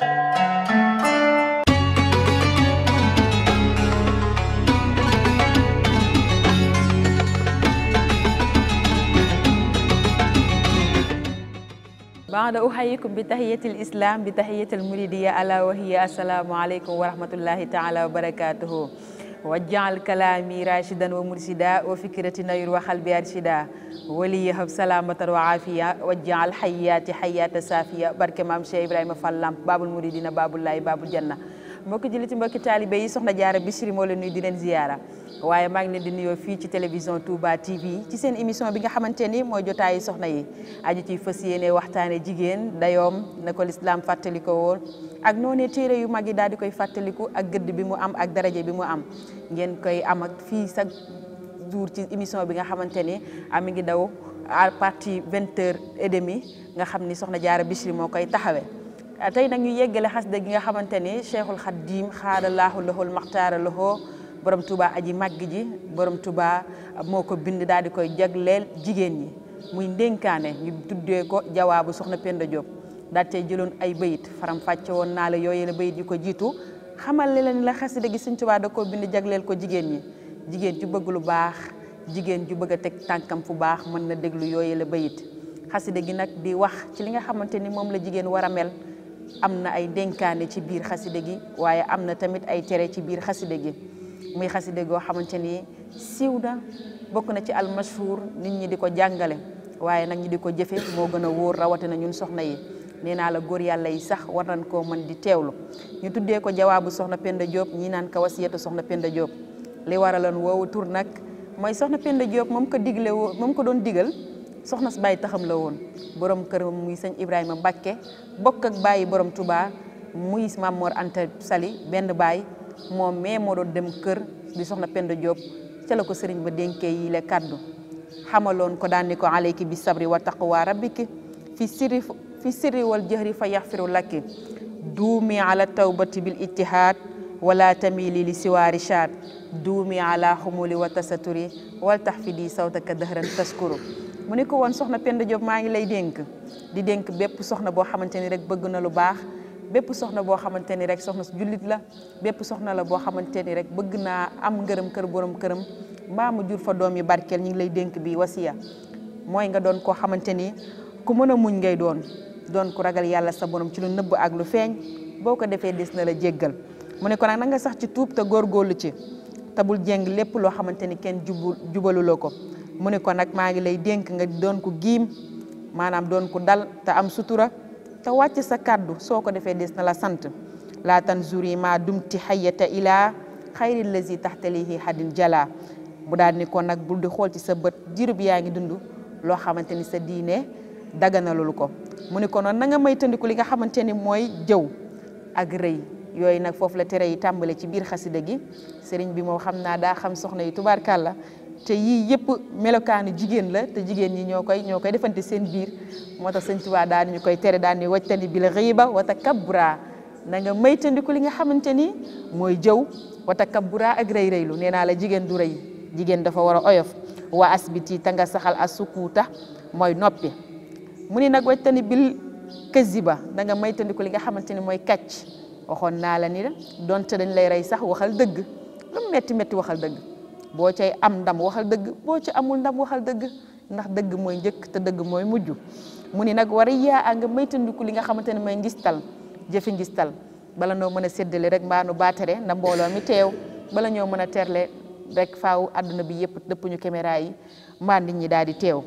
بعد أحييكم بتحية الإسلام بتحية المريدية ألا وهي السلام عليكم ورحمة الله تعالى وبركاته واجعل كلامي راشدا ومرشدا وفكرتي نير وخلب أرشدا يهب سلامة وعافية واجعل حياتي حياة سافية بركة مام شيخ إبراهيم فلام باب المريدين باب الله باب الجنة mbokki jëlee ci mbokki taalibe yi soxna jaara Bichri moo leen nuyu di leen ziyaara waaye maa ngi leen di nuyoo fii ci télévision Touba TV ci seen émission bi nga xamante ni mooy jotaayu soxna yi aju ci fas yéene waxtaane jigéen dayoom na ko lislaam fàttaliko woon ak noonee téere yu mag yi daal di koy fàttaliku ak gëdd bi mu am ak daraje bi mu am ngeen koy am ak fii sa jour ci émission bi nga xamante ni ah, mi ngi daw à partir vingt heures et demi nga xam ni soxna jaara Bichri moo koy taxawee tey nag ñu yeggale xasida gi nga xamante ni cheikhul xaddiim xaadalaahu lahul maxtaara lahoo borom tuba aji màgg ji borom tubaa moo ko bind daal di koy jagleel jigéen ñi muy ndénkaane ñu tuddee ko jawaabu soxna Penda Diop daal cay jëloon ay bayit faram woon naa la yooyu la bayit yu ko jiitu xamal la ni la xasida gi sëñ tuba da koo bind jagleel ko jigéen ñi jigéen ju bëgg lu baax jigéen ju bëgg a teg tànkam fu baax mën na déglu yooyu la bayit xasida gi nag di wax ci li nga xamante ni moom la jigéen war a mel am na ay dénkaane ci biir xaside gi waaye am na tamit ay tere ci biir xaside gi muy xaside goo xamante ni siiw da bokk na ci almashhur nit ñi di ko jàngale waaye nag ñi di ko jëfe moo gën a wóor rawatina ñun soxna yi nee naa la góor yàlla yi sax war nañ koo mën di teewlu ñu tuddee ko jawaabu soxna Penda Diop ñi naan ko wasiyatu soxna Penda Diop li waraloon woowu tur nag mooy soxna Penda Diop moom ko digle moom ko doon digal soxna si bàyyi taxam la woon borom këram muy sëñ Ibrahima Mbacke bokk ak bàyyi borom Touba muy Maam Mor Anta Sali benn baay moom mais moo doon dem kër di soxna Penda Diop ca la ko sëriñ ba dénkee yi le kàddu xamaloon ko daan ko aleyki bi sabri wa taqwa rabbiki fi sirri fi sirri wal jëhri fa yaxfiru lakki duumi ala tawbati bil ittihaad wala tamili li siwaari shaat duumi ala xumuli wa tasaturi wal tax fi di sawtaka dëhran taskuru mu ni ko woon soxna Penda maa ngi lay dénk di dénk bépp soxna boo xamante ni rek bëgg na lu baax bépp soxna boo xamante ni rek soxna su jullit la bépp soxna la boo xamante ni rek bëgg naa am ngërëm kër borom këram mbaa mu jur fa doom yi barkeel ñu ngi lay dénk bi wasiya mooy nga doon koo xamante ni ku mën a muñ ngay doon doon ku ragal yàlla sa borom ci lu nëbb ak lu feeñ boo ko defee des na la jéggal mu ne ko nag na nga sax ci tuub te góor góorlu ci te bul jéng lépp loo xamante ni kenn jubu jubalu la ko mu ni ko nag maa ngi lay dénk nga doon ko giim maanaam doon ku dal te am sutura te wàcc sa kàddu soo ko defee des na la sant laa tan zuri ma dumti xayyata ilaa xayri lazi taxtalihi hadin jala mu daal ni ko nag bul di xool ci sa bët bi yaa ngi dund loo xamante ni sa diine daganalul ko mu ni ko noonu na nga may tëndiku li nga xamante ni mooy jëw ak rëy yooyu nag foofu la tere yi tàmbale ci biir xasida gi sëriñ bi moom xam naa daa xam soxna yi tubaarkàlla te yii yëpp melokaanu jigéen la te jigéen ñi ñoo koy ñoo koy defante seen biir moo tax sëñ Tuubaa daal ñu koy tere daal ni wajtani bil xiiba wa takabbura na nga maytandiku li nga xamante ni mooy jëw wa takabbura ak rëy nee naa la jigéen du rëy jigéen dafa war a oyof waa asbiti ta nga saxal as sukuuta mooy noppi mu ni nag wajtani bil kaziba na nga maytandiku li nga xamante ni mooy kàcc waxoon naa la ni la donte dañ lay rey sax waxal dëgg lu metti metti waxal dëgg boo cay am ndam waxal dëgg boo ci amul ndam waxal dëgg ndax dëgg mooy njëkk te dëgg mooy mujj mu ni nag war a yaa a nga maytandiku li nga xamante ne mooy ngistal jëfi ngistal bala noo mën a séddale rek mbaa nu baatere na mbooloo mi teew bala ñoo mën a terle rek faaw àdduna bi yëpp dëpp ñu caméra yi mbaa nit ñi daal di teew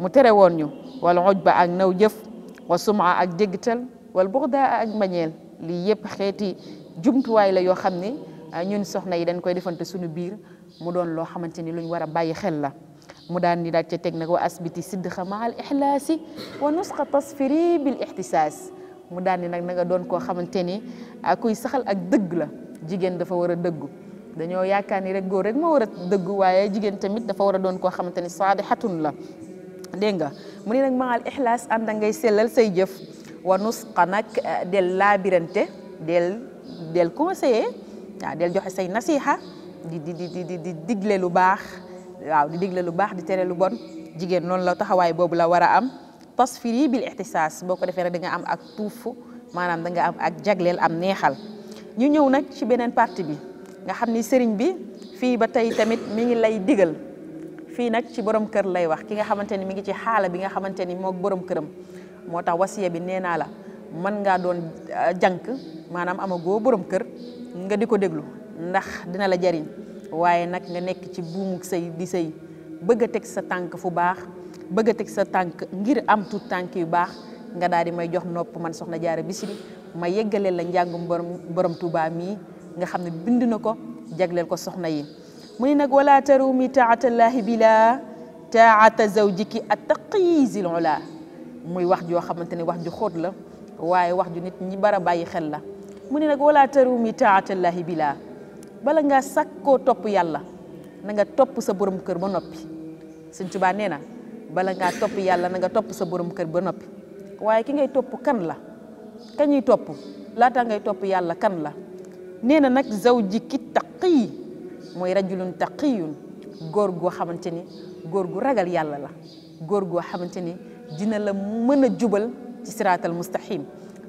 mu tere woon ñu wala xoj ba ak naw jëf wa suma ak jéggital wala buxda ak mbañeel lii yëpp xeeti jumtuwaay la yoo xam ne ah, ñun soxna yi dañ koy defante suñu biir mu doon loo xamante ni luñ war a bàyyi xel la mu daan ni daal ca teg nag wa asbiti siddiqa maa al ixlaasi wa nusqa tasfiri bil ixtisaas mu daan ni nag na nga doon koo xamante ni kuy saxal ak dëgg la jigéen dafa war a dëggu dañoo yaakaar ni rek góor rek moo war a dëggu waaye jigéen tamit dafa war a doon koo xamante ni saadixatun la dégg nga mu ne nag maa al ixlaas ànd ngay sellal say jëf wa nusqa nag del laabirante del del conseiller waaw del joxe say nasiha di di di di di digle lu baax waaw di digle lu baax di tere lu bon jigéen noonu la taxawaay boobu la war a am tasfiri bil ixtisaas boo ko defee rek da am ak tuuf maanaam da nga am ak jagleel am neexal ñu ñëw nag ci beneen partie bi nga xam ni sëriñ bi fii ba tey tamit mi ngi lay digal fii nag ci borom kër lay wax ki nga xamante ni mi ngi ci xaala bi nga xamante ni moo borom këram moo tax wasiya bi nee naa la mën ngaa doon euh, jànk maanaam amagoo borom kër nga di ko déglu ndax dina la jariñ waaye nag nga nekk ci buumu sëy di sëy bëgg teg sa tànk fu baax bëgg teg sa tànk ngir am tu tànk yu baax nga daal di may jox nopp man soxna jaara Bichri ma yeggaleel la njàngum borom borom mii nga xam ne bind na ko jagleel ko soxna yi mu ni nag wala tarumi taatallaahi bila taata zawjiki attaqiisil ula muy wax joo xamante ne wax ju xóot la waaye wax ju nit ñi bara bàyyi xel la mu ni nag wala tarumi taatallaahi bila bala ngaa sakkoo topp yàlla na nga topp sa borom kër ba noppi Sëñ Tuubaa nee na bala ngaa topp yàlla na nga topp sa borom kër ba noppi waaye ki ngay topp kan la kañuy topp laata ngay topp yàlla kan la nee na nag zawji ki taqiy mooy rajulun taqiyun góor goo xamante ni góor gu ragal yàlla la góor goo xamante ni dina la mën a jubal ci siraatal mustaqim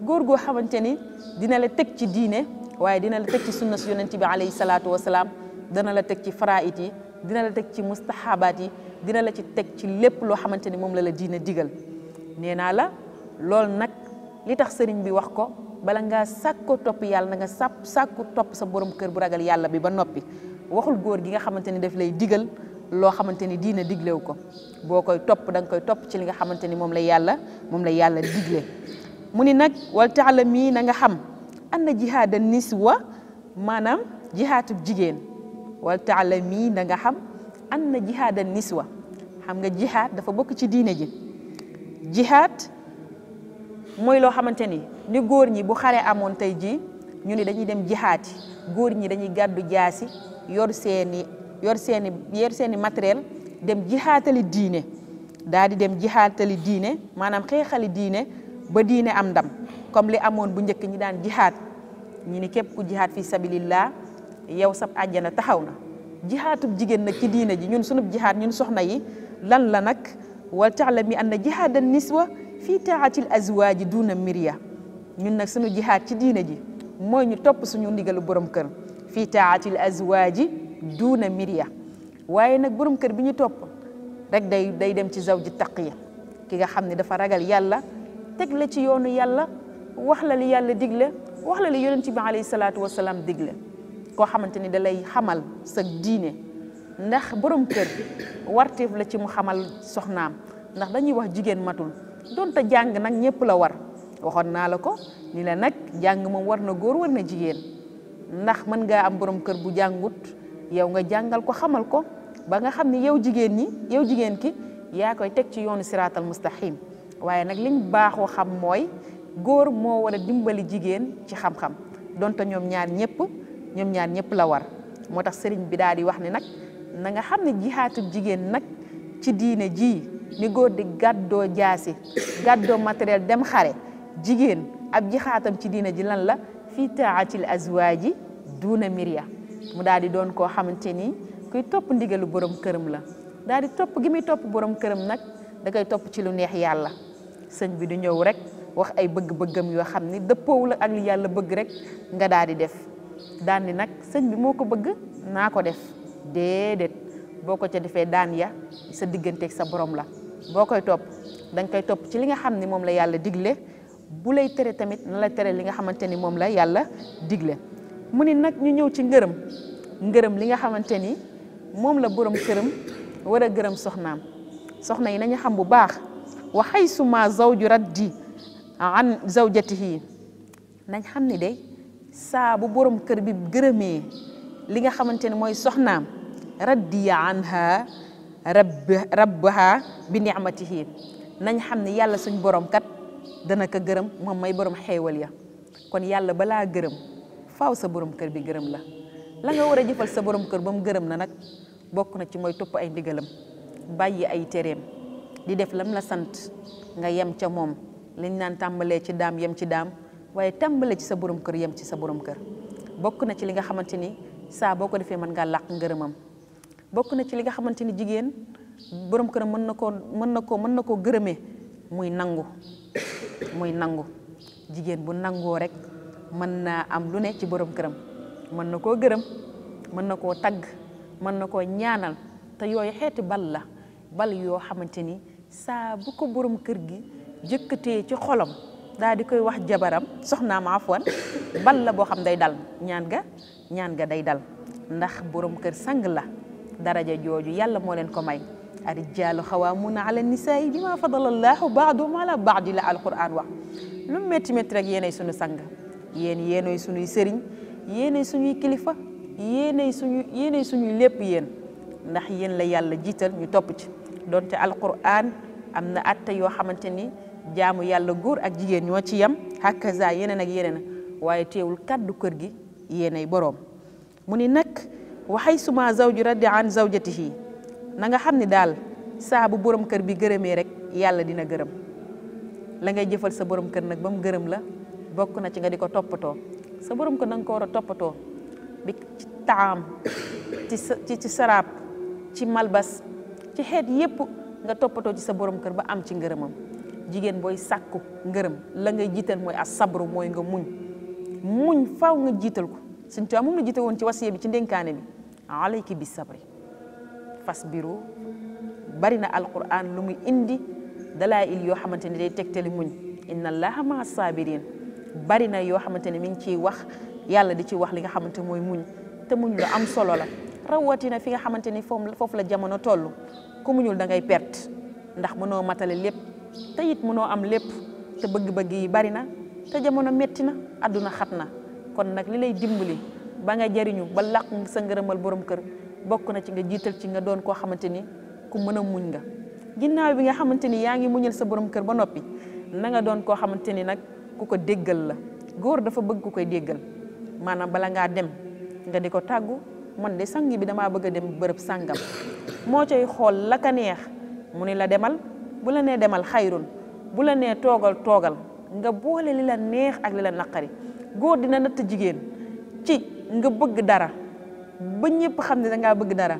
góor goo xamante ni dina la teg ci diine waaye dina la teg ci sunna si yonent bi salaat salaatu salaam dana la teg ci faraait yi dina la teg ci mustahabaat yi dina la ci teg ci lépp loo xamante ni moom la la diina digal nee naa la loolu nag li tax sëriñ bi wax ko bala ngaa sàkko topp yàlla na nga sàpp sàkku sa borom kër bu ragal yàlla bi ba noppi waxul góor gi nga xamante ni daf lay digal loo xamante ni diina diglewu ko boo koy topp da nga koy topp ci li nga xamante ni moom la yàlla moom la yàlla digle mu ni nag wal taala mii na nga xam anna jihaada niswa maanaam jihaatub jigéen wal taalami da nga xam anna jihaada niswa xam nga jihaat dafa bokk ci diine ji jihaat mooy loo xamante ni ni góor ñi bu xare amoon tey jii ñu ni dañuy dem jihaat góor ñi dañuy gàddu jaasi yor seeni yor seeni yor seeni dem jihaatali diine daal di dem jihaatali diine maanaam xeexali diine ba diine am ndam comme li amoon bu njëkk ñi daan jihaad ñi ni képp ku jihaad fi sabilillah yow sab àjjana taxaw na jihaatub jigéen nag ci diina ji ñun sunub jihaad ñun soxna yi lan la nag wal taalami anna jihaada niswa fii taatil azwaaji duuna miriya ñun nag suñu jihaad ci diine ji mooy ñu topp suñu ndigalu borom kër fii taatil azwaaji duuna miriya waaye nag borom kër bi ñu topp rek day day dem ci zawji taqiya ki nga xam ne dafa ragal yàlla teg la ci yoonu yàlla wax la li yàlla digle wax la li yonent bi alayhi salaatu wasalaam digle koo xamante ni dalay xamal sag diine ndax boroom kër warteef la ci mu xamal soxnaam ndax dañuy wax jigéen matul doon donte jàng nag ñëpp la war waxoon naa la ko ni la nag jàng moom war na góor war na jigéen ndax mën ngaa am boroom kër bu jàngut yow nga jàngal ko xamal ko ba nga xam ni yow jigéen ñi yow jigéen ki yaa koy teg ci yoonu siraatal mustaqim waaye nag liñ baaxoo xam mooy góor moo war a dimbali jigéen ci xam-xam donte ñoom ñaar ñëpp ñoom ñaar ñëpp la war moo tax sëriñ bi daal di wax ni nag na nga xam ne jihaatub jigéen nag ci diine ji ni góor di gàddoo jaasi gàddoo matériel dem xare jigéen ab jixaatam ci diina ji lan la fii taatil azwaaji duuna miria mu daal di doon koo xamante ni kuy topp ndigalu borom këram la daal di topp gi muy topp borom këram nag da koy topp ci lu neex yàlla sëñ bi du ñëw rek wax ay bëgg-bëggam yo xamni deppow la ak li yalla bëgg rek nga daali def daan ni nag sëñ bi moko bëgg nako def dedet boko ca defé daan ya sa ak sa borom la bokoy top dang da nga koy ci li nga xamni mom la yalla digle bu lay téré tamit na la téré li nga xamanteni mom la yalla digle mune nak ñu ñëw ci ngeerëm ngeerëm li nga xamanteni mom la borom kërëm wara soxnaam soxna yi nañu xam bu baax wa xaysuma zawju raddi an zawjatihi nañ xam ni day saabu borom kër bi gërëmee li nga xamante ne mooy soxnaam raddiya anha rabb rabbaha bi nicmatihi nañ xam ne yàlla suñ borom kat dana ko gërëm moom may borom xéewal ya kon yàlla balaa gërëm faaw sa borom kër bi gërëm la la nga war a jëfal sa borom kër ba mu gërëm na nag bokk na ci mooy topp ay ndigalam bàyyi ay tereem di def lam la sante nga yam ci mom liñ nane tambalé ci dam yam ci dam waye tambalé ci sa borom kër yam ci sa borom kër bokku na ci li nga xamanteni sa boko defé man nga laq ngeureumam bokku na ci li nga xamanteni jigen borom kër mën nako mën nako mën nako koo muy nangu muy nangu jigen bu nangoo rek man na am lu ne ci borom kërëm man nako gërëm mën na koo tagg ñaanal te yoy xéti bal la bal yo xamanteni saa bu ko borom kër gi jëkkatee ci xolam daal di koy wax jabaram soxnaam afwan bal la boo xam day dal ñaan ga ñaan ga day dal ndax borom kër sang la daraja jooju yàlla moo leen ko may arijaalu xawaamuuna ala nisaa'i bima fadala allahu baadum ala baadi la alquran wax lu métti métti rek yéenay suñu sang yéen yéenay suñuy sëriñ yéenay suñuy kilifa yéenay suñu yéenay suñuy lépp yéen ndax yéen la yàlla jiital ñu topp ci te donte alquran am na atta yoo xamante ni jaamu yàlla góor ak jigéen ñoo ci yem hakaza yeneen ak yeneen waaye teewul kaddu kër gi yéenay boroom mu ni nag waxay suma zawju raddi an zawjatihi na nga xam ni daal saabu boroom kër bi gërëmee rek yàlla dina gërëm la ngay jëfal sa boroom kër nag ba mu gërëm la bokk na ci nga di ko toppatoo sa borom kër na nga ko war a toppatoo bi ci taam ci saraab ci malbas ci xeet yépp nga toppatoo ci sa borom kër ba am ci ngërëmam jigéen booy sàkku ngërëm la ngay jiital mooy as sabru mooy nga muñ muñ faw nga jiital ko suñ tuwaa moom la jiite woon ci wasiye bi ci ndénkaane bi alayki bi sabri fas biru bari na alquran lu muy indi dalaa il yoo xamante ne day tegtali muñ inna allaha maa sabirin bari na yoo xamante ne mi ngi ciy wax yàlla di ci wax li nga xamante mooy muñ te muñ lu am solo la rawatina fi nga xamante ni la jamono toll ku muñul da ngay perte ndax mënoo matale lépp te it mënoo am lépp te bëgg-bëgg yi bari na te jamono metti na àdduna xat kon nak li lay dimbali ba nga jariñu ba làq sa ngërëmal borom kër bokk na ci nga jiital ci nga doon koo xamante ni ku mën a muñ nga ginnaaw bi nga xamante ni muñal sa borom kër ba na nga doon koo xamante nak nag ku la góor dafa bëgg ku koy déggal maanaam bala dem nga man de sangi bi dama bëgg dem bërëb sangam mo cey xol la ka neex mu ni la demal bu la ne demal khairun bu la ne togal togal nga boole li la neex ak li la nakari goor dina natt jigen ci nga bëgg dara ba ñepp xam da nga bëgg dara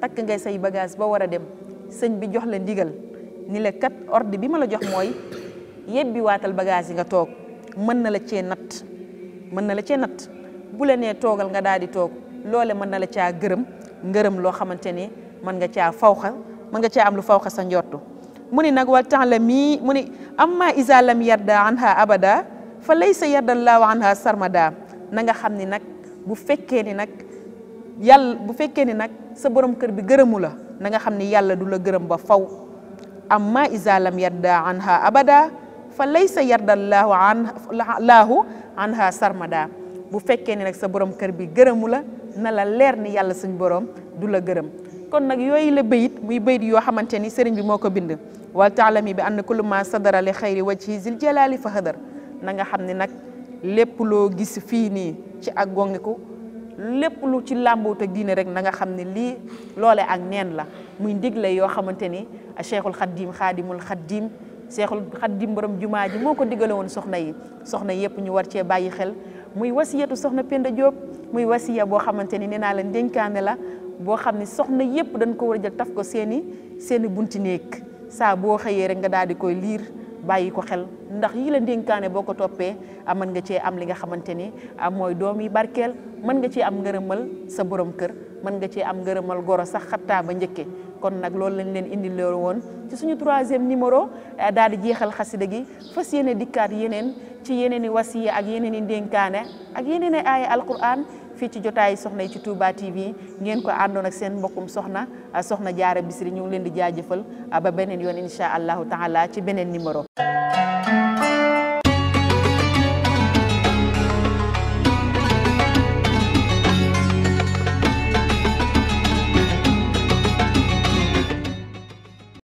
tak ngay say bagage ba wara dem señ bi jox la ndigal ni la kat ordre bi ma la jox moy yebbi watal bagage yi nga tok man na la ci nat man na la ci nat bu la ne togal nga daldi di loole mën na la caa gërëm gërëm loo xamante ni mën nga caa fawxa mën nga caa am lu fawxa sa njortu mu ni nag wal temps la mii mu ni amma isa lam yarda anha abada fa laysa yardallaahu anha sarmada na nga xam ni nag bu fekkee ni nag yàlla bu fekkee ni nag sa borom kër bi gërëmu la na xam ni yàlla du la gërëm ba faw amma isa lam yarda anha abada fa laysa yardallaahu an laahu anha sarmada bu fekke ni nak sa borom kër bi gërëmu la na la leer ni yàlla suñ borom du la gërëm kon nak yoy la beuyit muy beuyit yo xamanteni ni sëriñ bi moko bind wa ta'lami bi anna kullu ma sadara li khayri wajhi zil jalali fa hadar na nga xamni nak lépp lo gis fi ni ci ak gongiku lépp lu ci làmboot ak diine rek na nga xamni li lolé ak neen la muy ndigle yo xamanteni ni cheikhul khadim khadimul khadim cheikhul khadim borom jumaaji moko digalewon soxna yi soxna yëpp ñu war ci bàyyi xel muy wasiyatu soxna Penda Diop muy wasiya boo xamante ni nee naa leen dénkaane la boo xam ne soxna yépp dañ ko war a jël taf ko seeni seeni bunti néeg saa boo xëyee rek nga daal di koy liir bàyyi ko xel ndax yi la dénkaane boo ko toppee ah, mën nga cee am li nga xamante ni ah, mooy doom yi barkeel mën nga cee am ngërëmal sa borom kër mën nga cee am ngërëmal goro sax xattaa ba njëkke kon nag loolu lañ leen indi loolu woon ci suñu troisième numéro eh, daal di jeexal xasida gi fas yéene dikkaat yeneen ci yeneen i wasiya ak yeneen i ndénkaane ak yeneen i aaya alquran fii ci jotaay soxna yi ci Touba TV ngeen ko àndoon ak seen mbokkum soxna eh, soxna jaara bisri ñu ngi leen di jaa jëfal eh, ba beneen yoon incha allahu taala ci beneen numéro